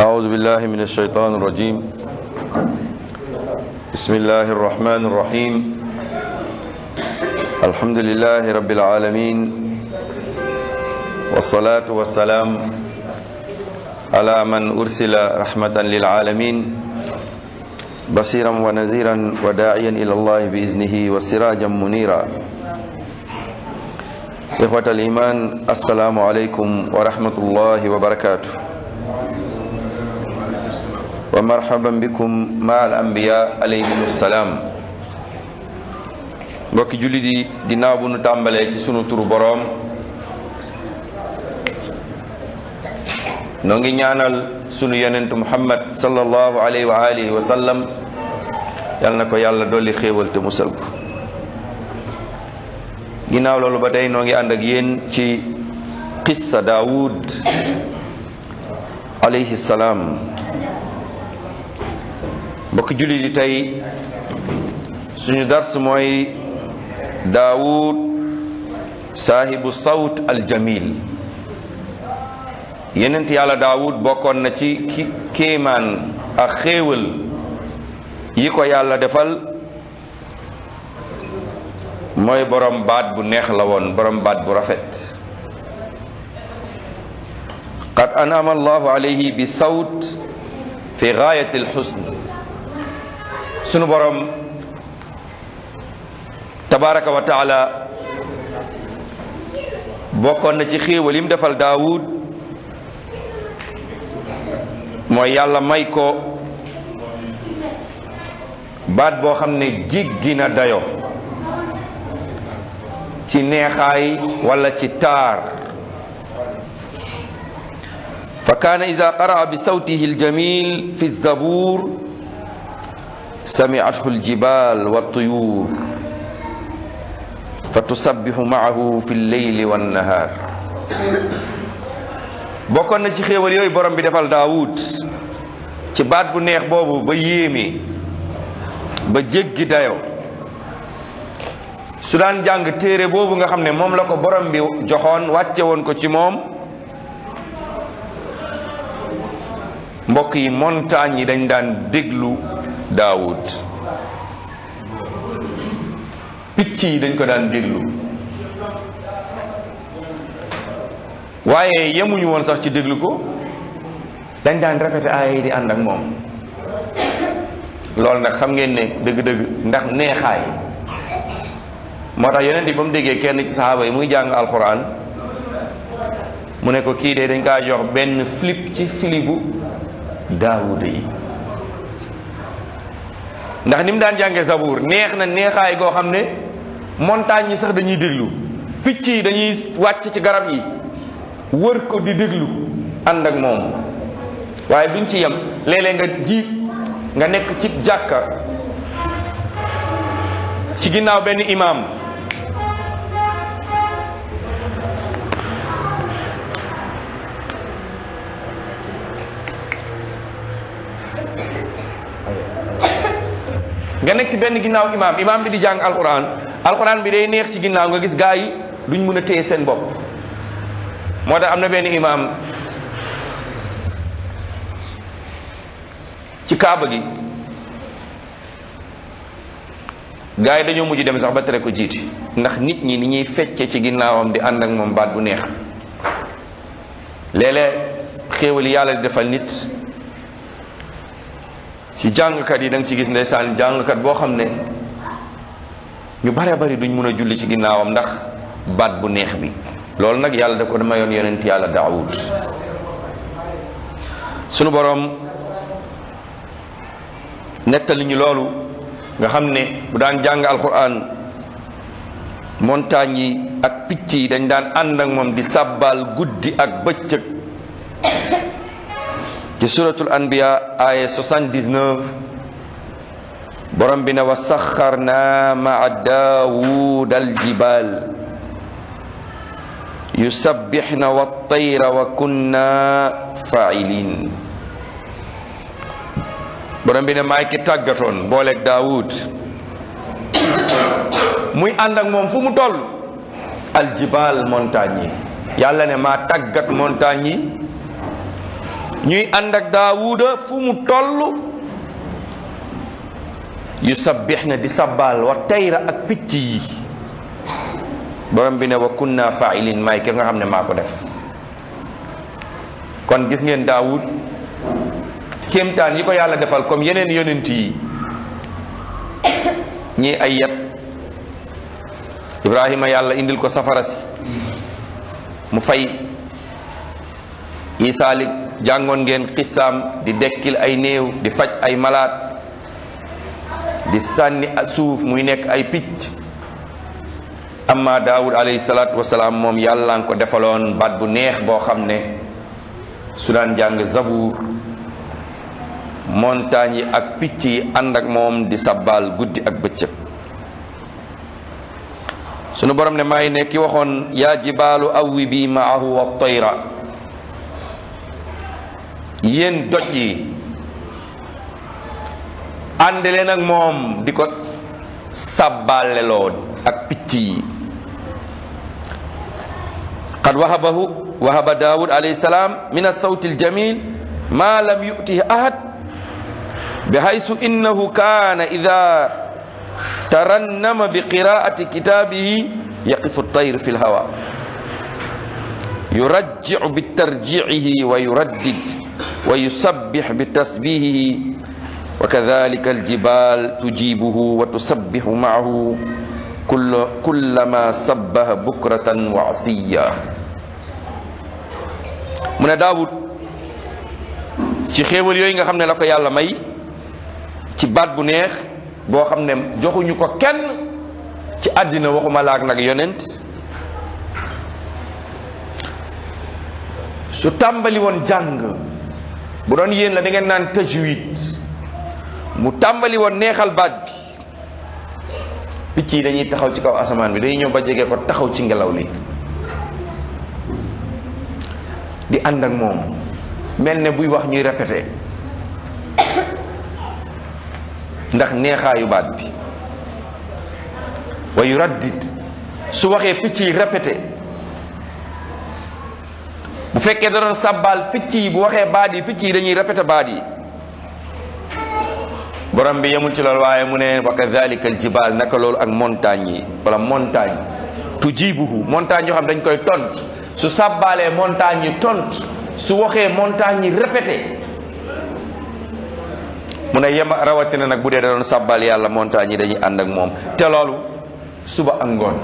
أعوذ بالله من الشيطان الرجيم بسم الله الرحمن الرحيم الحمد لله رب العالمين والصلاة والسلام على من أرسل رحمة للعالمين بصيرا ونذيرا وداعيا إلى الله بإذنه وسراجا منيرا إخوة الإيمان السلام عليكم ورحمة الله وبركاته wa marhaban bikum ma al anbiya salaam mbokki jullit yi ginnaaw bu nu tàmbalee ci sunu turu boroom noo ngi ñaanal sunu yonentu muhammad sallallahu alayhi wa alihi yal na ko yàlla dolli xéewal te musal ko ginnaaw loolu ba tey noo ngi ànd yéen ci qissa daawud alayhi salaam mbokk jullit yi tey suñu dars mooy daawud saahibu sawt aljamil yenent yàlla daawut bokkoon na ci ki kéemaan ak yi ko yàlla defal mooy borom baat bu neex la woon borom baat bu rafet qad anama allahu alayhi bi sawt fi gaayati alxusn sunu borom tabaraka wa taala bokkoon na ci xéewal yi mu defal daawud mooy yàlla mayko ko baat boo xam ne jiggi na dayo ci neexay walla ci taar fa kaana ida qaraa bi sawtihi aljamil fi سمعته الجبال والطيور فتسبح معه في الليل والنهار bokkoon na ci xéewal yooyu borom bi defal daawud ci baat bu neex boobu ba yéeme ba jéggi dayo su daan jàng téere boobu nga xam ne moom la ko borom bi joxoon wàcce woon ko ci moom mbokk yi montagne yi dañ daan déglu Daawud picc yi dañ ko daan déglu waaye yemuñu woon sax ci déglu ko dañ daan répété aaya yi di ànd ak moom loolu nag xam ngeen ne dëgg-dëgg ndax neexaay moo tax yonent bi ba mu déggee kenn ci saxaaba yi muy jàng alxuraan mu ne ko kii de dañ kaa jox benn flip ci filibu daawuda yi ndax ni mu daan jànge sabuur neex na neexaay goo xam ne montagne yi sax dañuy déglu picc yi dañuy wàcc ci garab yi wër ko di déglu ànd ak moom waaye duñ ci yem léeg nga ji nga nekk ci jàkka ci ginnaaw benn imaam nga nekk ci benn ginnaaw imaam imaam bi di jàng alquran alquran bi day neex ci ginnaaw nga gis gaa yi ñu mën a téye seen bopp moo tax am na benn imaam ci kaaba gi gaa yi dañoo mujj dem sax ba tere ko jiiti ndax nit ñi ni ñuy fecce ci ginnaawam di ànd ak moom baat bu neex léeg-léeg xéewali yàlla di defal nit ci jàngkat yi da nga ci gis ndeysaan jàngkat boo xam ne ñu bare bari duñ mën a julli ci ginnaawam ndax baat bu neex bi loolu nag yàlla da ko dama yoon yonent yàlla daawud sunu boroom nettali ñu loolu nga xam ne bu daan jàng alquran montagne yi ak picc yi dañ daan ànd ak moom di sàbbaal guddi ak bëccëg ci suratul anbiya aya 79 borom bi ne wa saxarna maa daawuda aljibal yusabbixna waltayra wa kunna failin borom bi ne maay ki tàggatoon booleeg daawud muy ànd ak moom fu mu toll aljibal montagne yi yàlla ne maa tàggat montagne yi ñuy ànd ak daawuda fu mu toll yu sabbix na di sabbaal wa tayra ak picc yi borom bi ne wa kunna faailin maay ki nga xam ne maa ko def kon gis ngeen daawud kéemtaan yi ko yàlla defal comme yeneen yonent yi ñii ay yat ibrahima yàlla indil ko safara si mu fay Isaa li jàngoon ngeen xissaam di dekkil ay néew di faj ay malaat di sànni suuf muy nekk ay picc amma daawud alayhi salaatu wasalaam moom yàlla nga ko defaloon baat bu neex boo xam ne su daan jàng zabuur montagne yi ak picc yi ànd ak moom di sabbal guddi ak bëccëg sunu borom ne maa ngi ne ki waxoon yaa jibaalu awwi bi maahu wa tayra yéen doj yi ànd leen ak moom di ko sàbbaaleloo ak picc yi qad wahabahu wahaba daawud alayhi salaam min assawti aljamil ma lam yutihi ahad bihaysu innahu kaana ida tarannama bi qiraati kitaabihi yaqifu tayr fi lhawa yurajjiu bitarjiihi wa yuraddid wa yusabbih bi tasbihihi wa kadhalika aljibaal tujibuhu wa tusabbihu maahu kulla kullama sabbaha bukratan wa asiya mu ne daawud ci xéewal yooyu nga xam ne la ko yàlla may ci baat bu neex boo xam ne joxuñu ko kenn ci àddina ma laak nag yonent su tàmbali woon jàng bu doon yéen la da ngeen naan tajwid mu tàmbali woon neexal baat bi picc yi dañuy taxaw ci kaw asamaan bi dañuy ñëw ba jege ko taxaw ci ngelaw li di ànd ak moom mel ne buy wax ñuy répété ndax neexaayu baat bi wa yuraddid su waxee picc yi répété bu fekkee da doon sàbbaal picc yi bu waxee baat yi picc yi dañuy répété baat yi borom bi yemul ci loolu waaye mu ne wa kadhalika al jibal naka loolu ak montagne yi wala montagne tujibuhu montagne yoo xam dañ koy ton su sàbbaalee montagne yi ton su waxee montagne yi répété mu ne yema rawatina nag bu dee da doon sàbbaal yàlla montagne yi dañuy ànd ak moom te loolu suba ak ngoon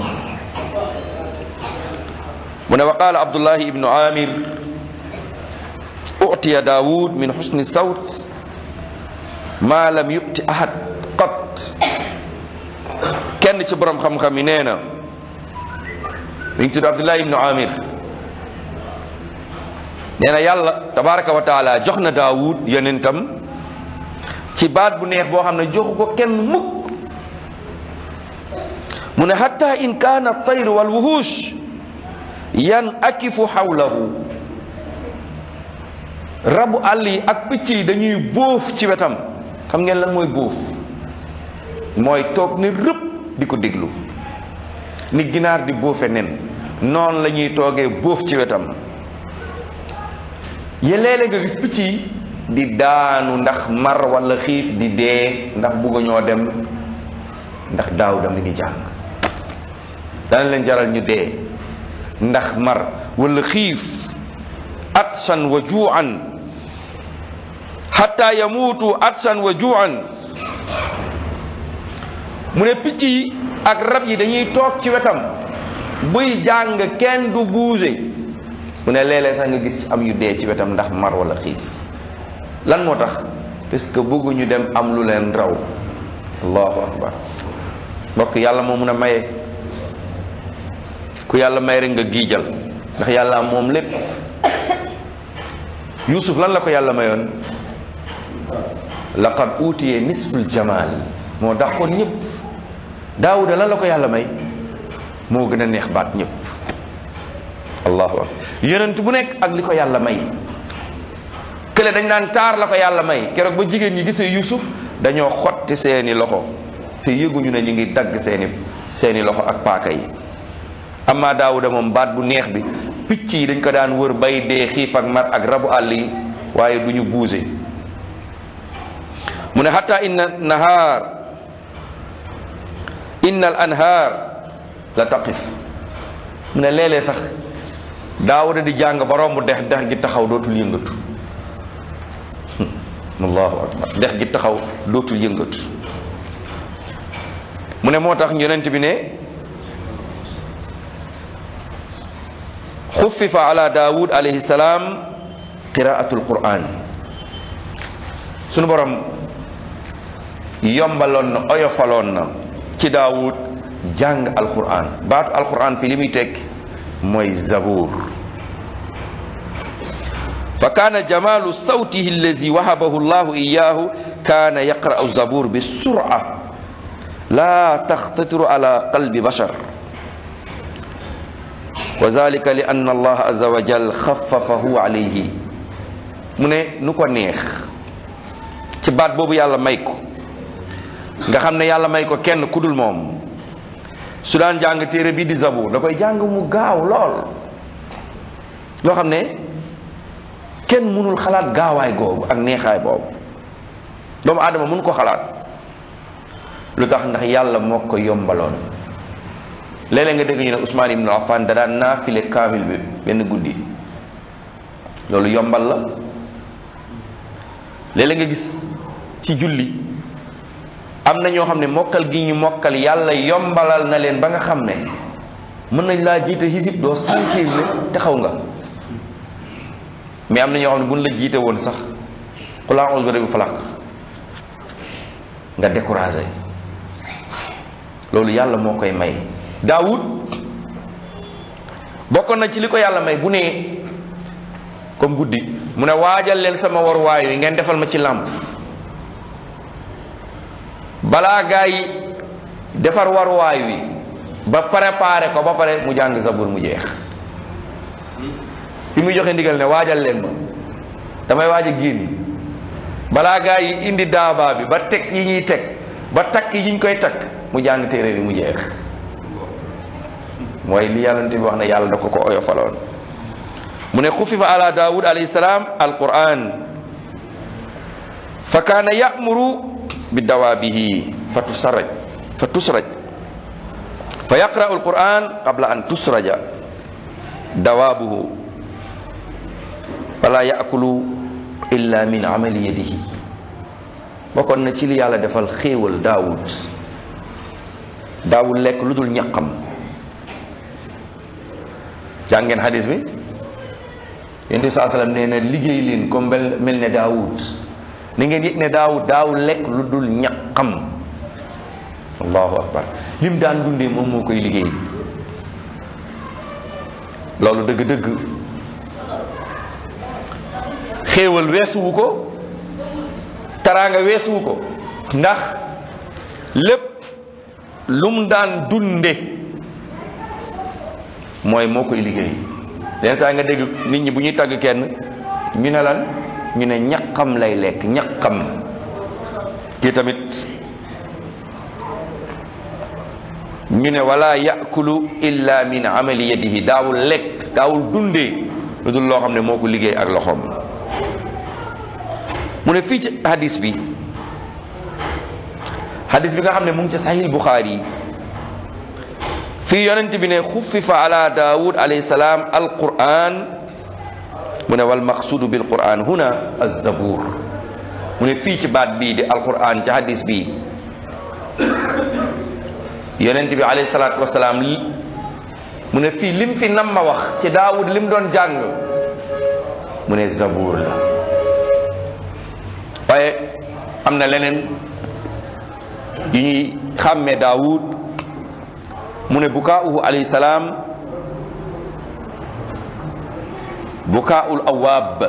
mu ne wa qaala abdullahi ibnu amir utiya daawud min xusni sawt maa lam yuti ahad qat kenn ci borom xam-xam yi nee na mi ngi tudd abdullahi ibnu amir nee na yàlla tabaraka wa taala jox na daawud yonentam ci baat bu neex boo xam ne joxu ko kenn mukk mu ne hatta in kaana tayru wal wuhuush yan akifu xawlahu rabu àll yi ak picc yi dañuy bóof ci wetam xam ngeen lan mooy bóof mooy toog ni rëpp di ko déglu ni ginaar di bóofe nen noonu la ñuy toogee bóof ci wetam léeg nga gis picc yi di daanu ndax mar walla xiif di dee ndax bugg ñoo dem ndax daaw dama ngi jàng dana leen jaral ñu dee ndax mar wala xiif atsan wa juuan xatta yamuutu atsan wa juuan mu ne picc yi ak rab yi dañuy toog ci wetam buy jàng kenn du buuse mu ne léeg-léeg sax nga gis am yu dee ci wetam ndax mar wala xiif lan moo tax parce que bëgguñu dem am lu leen raw allahu akbar mbokk yàlla moo mun a maye ku yàlla may rek nga giijal ndax yàlla moom lépp yuusuf lan la ko yàlla mayoon laqad uutiyee nisful jamal moo dàqoon ñëpp daawuda lan la ko yàlla may moo gën a neex baat ñëpp allahu akbar yonent bu nekk ak li ko yàlla may kële dañ naan taar la yàlla may keroog ba jigéen ñi gisee yuusuf dañoo xotti seeni loxo te yëguñu ne ñu ngi dagg seeni seeni loxo ak paaka yi amma daawuda moom baat bu neex bi picc yi dañ ko daan wër bay dee xiif ak mar ak rabu àll yi waaye du ñu buuse mu ne xatta inna nahaar inna al anhaar la taqif mu ne léeg sax daawuda di jàng ba romb dex dex gi taxaw dootul yëngatu hmm, allahu gi taxaw dootul yëngatu mu ne moo tax yonent bi ne xuffifa ala daawud alayhi salaam qiraatul quraan sunu borom yombaloon na oyofaloon na ci daawud jàng alquran baatu alquran fi li muy tekk mooy zabuur fa kaana jamaalu sawtihi allazi wahabahu llahu iyaahu kaana yaqra'u zabuur bi sura laa taxtatiru ala qalbi bashar wa zalika li anna allah azza wa jal xafafahu alayhi mu ne nu ko neex ci baat boobu yàlla may ko nga xam ne yàlla may ko kenn ku dul moom su daan jàng téere bii di zabu da koy jàng mu gaaw lool loo xam ne kenn mënul xalaat gaawaay googu ak neexaay boobu doomu aadama mënu ko xalaat lu tax ndax yàlla moo ko yombaloon léeg nga dégg ñu ne Ousmane Ibn Affan da daan naafile kaamil bi benn guddi loolu yombal la léeg nga gis ci julli am na ñoo xam ne mokkal gi ñu mokkal yàlla yombalal na leen ba nga xam ne mën nañ laa jiite hisib doo sensible te xaw nga mais am na ñoo xam ne buñ la jiite woon sax qul a'udhu bi rabbil falaq nga découragé loolu yàlla moo koy may daawud bokkoon na ci li ko yàlla may bu nee comme guddi mu ne waajal leen sama waruwaay waay yi ngeen defal ma ci làmp balaa gaa yi defar war wi ba préparé ko ba pare mu jàng zabur mu jeex bi muy joxe ndigal ne waajal leen ma damay waaj a génn balaa gaa yi indi daabaa bi ba teg yi ñuy teg ba takk yi ñu koy takk mu jàng téere bi mu jeex mooy li yàllante bi wax ne yàlla da ko ko oyofaloon mu ne xufifa ala daawud alayhi salaam alquran fa kaana ya'muru bi dawaabihi fa tusraj fa tusraj fa yaqra'u alquran qabla an tusraja dawaabuhu wala yaakulu illa min amali yadihi bokkoon na ci li yàlla defal xéewal daawud daawud lekk lu dul ñaqam jàngeen xadis bi yonent bi saa sallam liggéey leen comme mel mel ne daawud ni ngeen ne daawud daaw lekk lu dul ñaqam allahu akbar lim daan dundee moom moo koy liggéey loolu dëgg-dëgg xéewal weesuwu ko taraanga weesuwu ko ndax lépp lu daan dunde mooy moo koy liggéey leen saa nga dégg nit ñi bu ñuy tagg kenn ñu ne lan ñu ne ñaqam lay lekk ñaqam kii tamit ñu ne walla yakulu illa min amali yadihi daawul lekk daawul dundee lu dul loo xam ne moo ko liggéey ak loxoom mu ne fii ci hadis bi hadis bi nga xam ne mu ngi ci sahih Bukhari yi fii bi ne xuffifa ala daawud alayhi salaam alquran mu ne wal maqsudu bil quran huna azzabuur mu ne fii ci baat bii de alquran ci hadis bii yonent bi alayhi salaatu wasalaam mu ne fii lim fi nam wax ci daawud lim doon jàng mu ne zabuur la waaye am na leneen yu ñuy xàmmee daawud mu ne bukaa'uhu alayhi salaam bukaa'ul awaab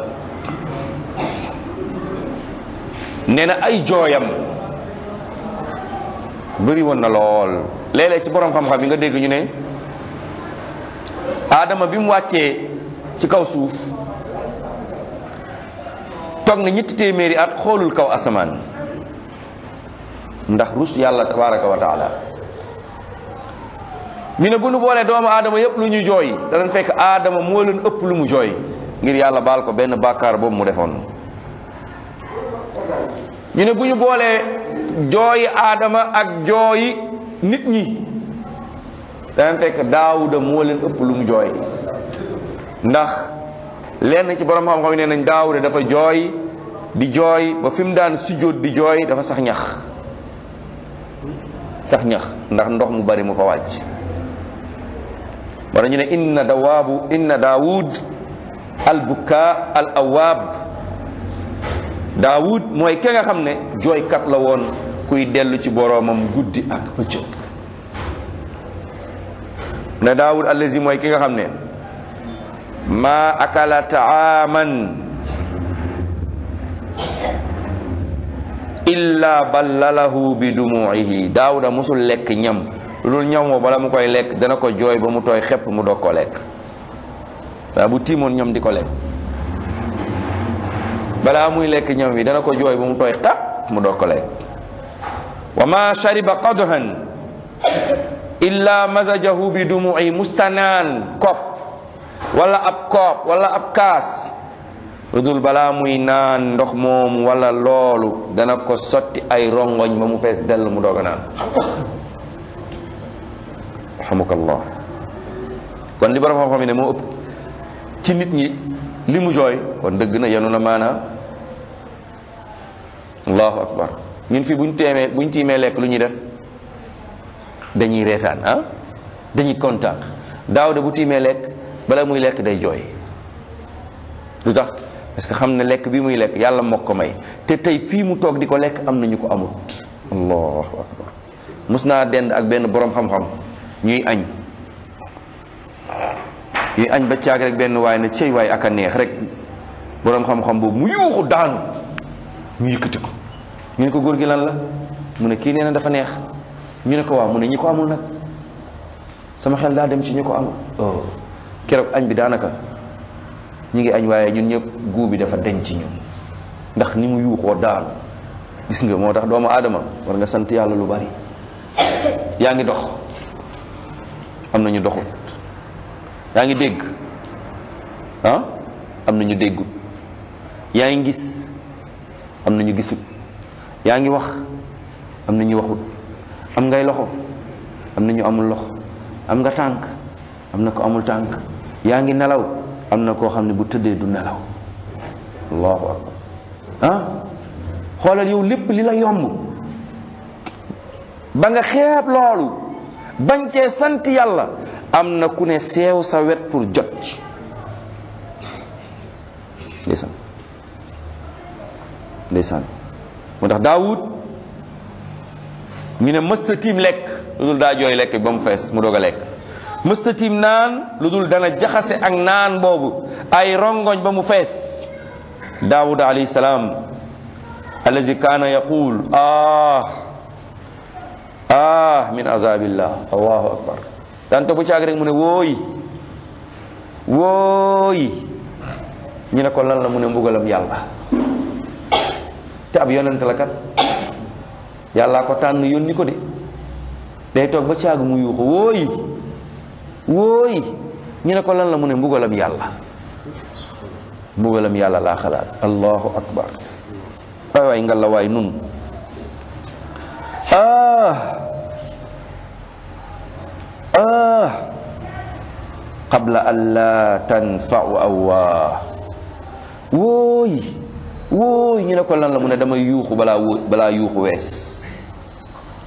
nee na ay jooyam bari woon na lool léeg ci boroom xam-xam yi nga dégg ñu ne aadama bi mu wàccee ci kaw suuf toog na ñetti téeméeri at xoolul kaw asamaan ndax rus yàlla tabaraka wa ñu ne bu nu boolee doomu aadama yëpp lu ñu jooy danañ fekk aadama moo leen ëpp lu mu jooy ngir yàlla baal ko benn bàkkaar boobu mu defoon ñu ne bu boolee jooyi aadama ak jooyi nit ñi danañ fekk daawuda moo ëpp lu mu jooy ndax lenn ci borom xam-xam ne nañ daawuda dafa jooy di jooy ba fi mu daan sujjóot di jooy dafa sax ñax sax ñax ndax ndox mu bari mu fa wàcc wala ñu ne inna dawaabu inna daawud al bukka al mooy ke nga xam ne jooykat la woon kuy dellu ci boroomam guddi ak bëccëg ne daawud allazi mooy ki nga xam ne maa akala taaman illa ballalahu bi dumuihi daawuda musul lekk ñam lu dul ñaw bala mu koy lekk dana ko jooy ba mu tooy xepp mu doog ko lekk waaw bu tiimoon ñoom di ko lekk balaa muy lekk ñaw wi dana ko jooy ba mu tooy xepp mu doog ko lekk wa ma shariba bi dumu'i mustanaan kopp wala ab kopp wala ab kaas lu dul balaa muy naan ndox moom walla loolu dana ko sotti ay rongoñ ba mu fees dell mu doog a naan yarhamukallah kon li borom xam-xam yi ne moo ëpp ci nit ñi li mu jooy kon dëgg na yenu na maanaa allahu akbar ñun fii buñ teemee buñ tiimee lekk lu ñuy def dañuy reetaan ah dañuy kontaan daaw de bu tiimee lekk bala muy lekk day jooy lu tax parce que xam ne lekk bi muy lekk yàlla mook ko may te tey fii mu toog di ko lekk am na ñu ko amut allahu akbar mus naa dend ak benn boroom xam-xam ñuy añ ñuy añ ba caag benn waay na cey waay ak a neex rek boroom xam boobu mu yuuxu daanu ne ko góor gi lan la mu ne kii dafa neex ñu ne ko waaw mu ne ñi ko amul nag sama xel daa dem ci ñi ko amul oh keroog bi daanaka ñu ngi añ waaye ñun ñëpp guub bi dafa deñ ci ñun ndax ni mu yuuxoo daanu gis nga moo tax doomu aadama war nga sant yàlla lu bari yaa ngi dox am na ñu doxut yaa ngi dégg ah? am na ñu déggut yaa ngi gis am na ñu gisut yaa ngi wax am na ñu waxut am ngay loxo am na ñu amul loxo am nga tànk am na ko amul tànk yaa ngi nelaw am na koo xam ne bu tëddee du nelaw allahu akbar ah xoolal yow lépp li la yomb ba nga xeeb loolu bañ sant yàlla am na ku ne seew sa wet pour jot ci ndeysaan ndeysaan moo ne mësta lekk lu daa jooy lekk ba mu fees mu doog a lekk mësta tiim naan lu dul dana jaxase ak naan boobu ay rongoñ ba mu fees daawud alayhi salaam allazi kaana yaqul ah ah min azabillah allahu akbar daan toog bu caag rek mu ne wooyi wooyi ñu ne ko lan la mu ne mbugalam yàlla te ab yonent la kat yàllaa ko tànn yónni ko de day toog ba caag mu yuuxu wooy wooyi ñu ko lan la mu ne mbugalam yàlla mbugalam yàlla laa xalaat allahu akbar waay waay nga waay nun ah آه قبل أن لا تنفع أواه wóoy wóoy ñu ne ko lan la mu ne dama yuuxu balaa balaa wees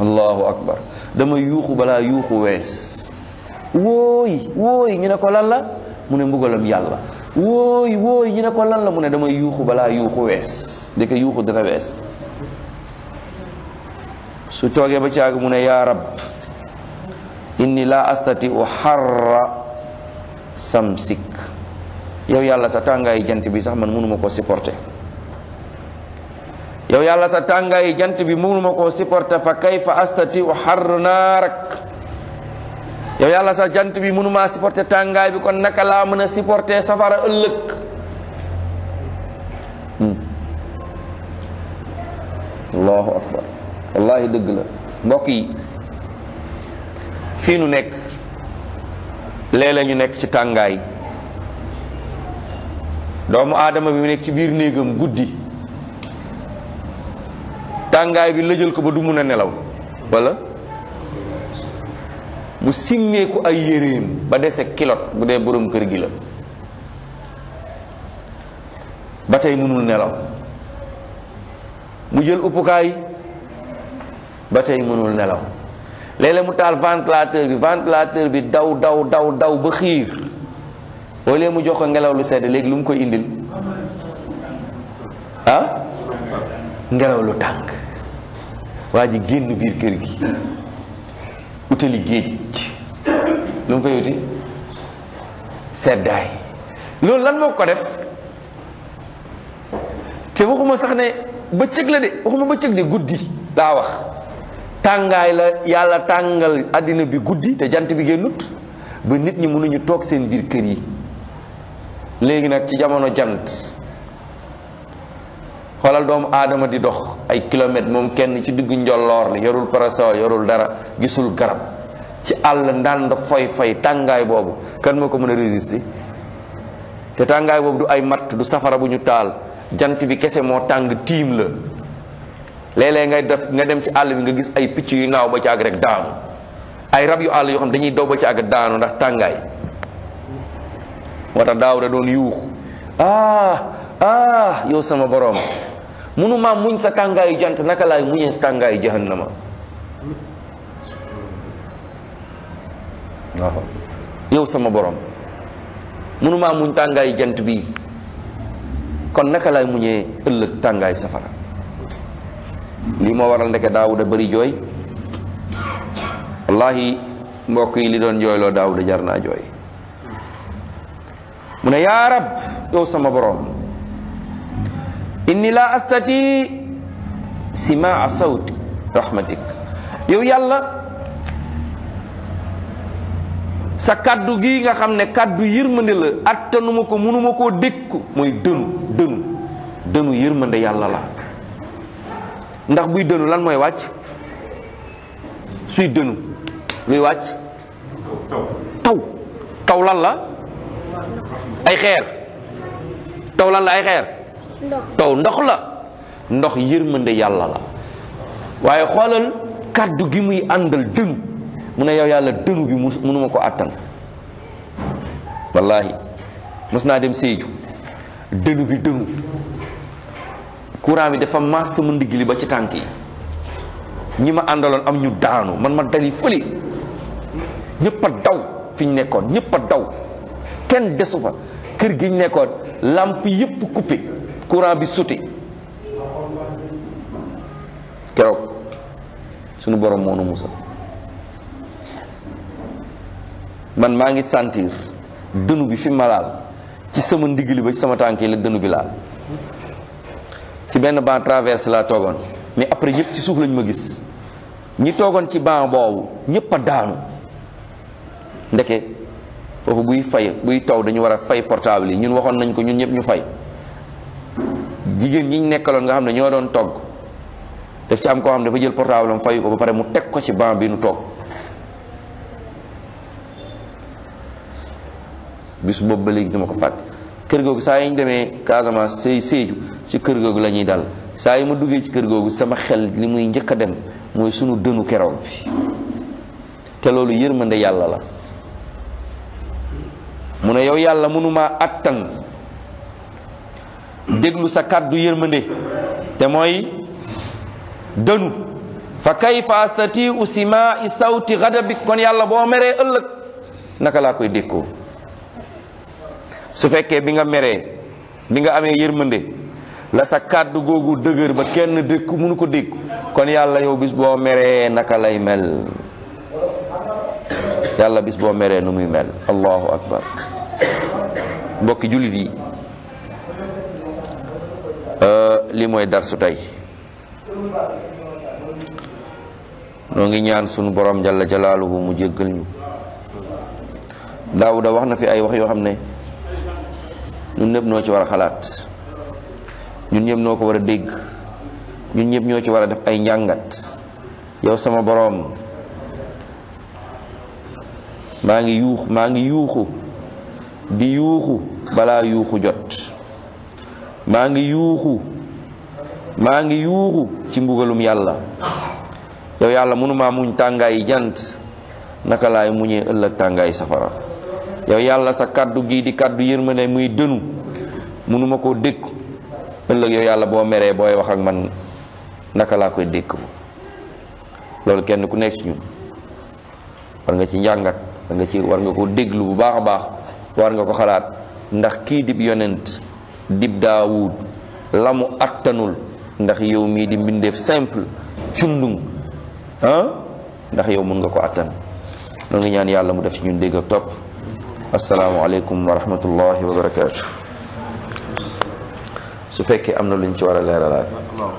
allahu akbar dama balaa yuuxu wees wóoy wóoy ñu ne ko lan la mu ne mbugalam yàlla wóoy wóoy ñu ne ko lan la mu ne dama yuuxu balaa yuuxu wees ndeke yuuxu dina wees su toogee ba caag mu ne yaa rab inni la astati u xarra samsik yow yàlla sa tàngaayu jant bi sax man mënuma ko supporter yow yàlla sa tàngaayu jant bi mënuma koo supporter fa kayfa astati u xarr naarak yow yàlla sa jant bi ma supporter tàngaay bi kon naka laa mën a supporter safara ëllëg hmm. allahu akbar wallahi dëgg la fii nu nekk léeg-léeg ñu nekk ci tàngaay doomu aadama bi mu nekk ci biir néegam guddi tàngaay bi lëjal ko ba du mun a nelaw wala mu simmeeku ay yéreem ba dese kilot bu dee borom kër gi la ba tey mënul nelaw mu jël uppukaay ba tey mënul nelaw léeg mu taal ventilateur bi ventilateur bi daw daw daw daw ba xiir au lieu mu jox ko ngelaw lu sedd léegi lu mu koy indil ah? ngelaw lu tàng waa ji génn biir kër gi utali géej lu mu koy uti seddaay loolu lan moo ko def te waxuma sax ne bëccëg la de waxuma bëccëg de guddi laa wax tàngaay la yàlla tàngal àddina bi guddi te jant bi génnut ba nit ñi mënuñu toog seen biir kër yi léegi nag ci jamono jant xoolal doomu aadama di dox ay kilomètres moom kenn ci diggu njolloor li yorul parasol yorul dara gisul garab ci àll ndànd foy foy tàngaay boobu kan moo ko mën a résister te tàngaay boobu du ay matt du safara bu ñu taal jant bi kese moo tàng tiim la léeg-léeg ngay def nga dem ci àll bi nga gis ay picc yu naaw ba ci àgg rek daanu ay rab yu àll yoo xam dañuy daw ba ci àgg daanu ndax tàngaay moo tax daaw da doon yuux ah ah yow sama borom munu maa muñ sa tàngaayu jant naka laay muñee sama borom munu maa muñ jant bii kon naka laay muñee ëllëg tàngaayu safara lii moo waral ndeke daawuda bari jooy wallahi mbokk yi li doon jooyloo daawuda jar naa jooy mu ne yaa rab yow sama boroom inni laa astati simaa sawti rahmatik yow yàlla sa kàddu gi nga xam ne kàddu yërmande la attanuma ko munuma koo dékku mooy dënu dënu dënu yërmande yàlla la ndax buy dënu lan mooy wàcc suy dënu luy wàcc taw taw lan la ay xeer taw lan ay xeer taw ndox la ndox yërmande yàlla la waaye xoolal kàddu gi muy àndal dënu mu ne yow yàlla dënu gi mënuma ko àttan wallaahi mos naa dem Sédhiou dënu bi dënu courant bi dafa maas sama ndigg li ba ci tànk yi ñi ma àndaloon am ñu daanu man ma dali fële ñëpp a daw fi ñu nekkoon ñëpp a daw kenn desu fa kër gi ñu nekkoon làmp yépp coupé courant bi sute keroog sunu borom moo nu musal man maa ngi sentir dënu bi fi ma laal ci sama ndigg li ba ci sama tànk yi la dënu bi laal ci benn banc traverse laa toogoon mais après ñëpp ci suuf lañ ma gis ñi toogoon ci banc boobu ñëpp a daanu ndeke foofu buy fay buy taw dañu war a fay portable yi ñun waxoon nañ ko ñun ñëpp ñu fay jigéen ñi ñu nekkaloon nga xam ne ñoo doon togg daf ci am koo xam ne dafa jël portable am fayu ko ba pare mu teg ko ci banc bi nu toog bis boobu ba léegi dama ko fàtte kër googu saa yi ñu demee Casamance say Sédhiou ci kër googu la ñuy dal saa yi ma duggee ci kër googu sama xel li muy njëkk a dem mooy sunu dënu keroog bi te loolu yërmande yàlla la mu ne yow yàlla mënumaa attan déglu sa kàddu yërmande te mooy dënu fa kayfa astati u simaa i sawti xadabik kon yàlla boo meree ëllëg naka laa koy dékkoo su fekkee bi nga meree bi nga amee yërmande la sa kàddu googu dëgër ba kenn dëkk mënu ko dégg kon yàlla yow bis boo meree naka lay mel yàlla boo meree nu muy mel allahu akbar mbokki jullit yi euh, li mooy dar su tey noo ngi ñaan sunu borom jalla jalaaluhu mu jéggal ñu daawuda wax na fi ay wax yoo xam ne ñun ñëpp noo ci war a xalaat ñun ñëpp noo ko war a dégg ñun ñëpp ñoo ci war a def ay njàngat yow sama boroom maa ngi yuux maa ngi yuuxu di yuuxu balaa yuuxu jot maa ngi yuuxu maa ngi yuuxu ci mbugalum yàlla yow yàlla mënumaa muñ tàngaayi jant naka laay muñee ëllëg tàngaayu safara yow yàlla sa kàddu gii di kàddu yërmande muy dënu mënuma koo dékku ëllëg yow yàlla boo meree booy wax ak man naka laa koy dékku loolu kenn ku nekk si ñun war nga ci njàngat war nga ci war nga ko déglu bu baax a baax war nga ko xalaat ndax kii dib yonent dib daawud la mu attanul ndax yow mii di mbindeef simple cundung ah ndax yow mun nga ko attan noonu nga ñaan yàlla mu def ci ñun dégg ak topp asalaamualeykum wa rahmatullahi wa barakaatu su fekkee am na luñ ci war a leeralaat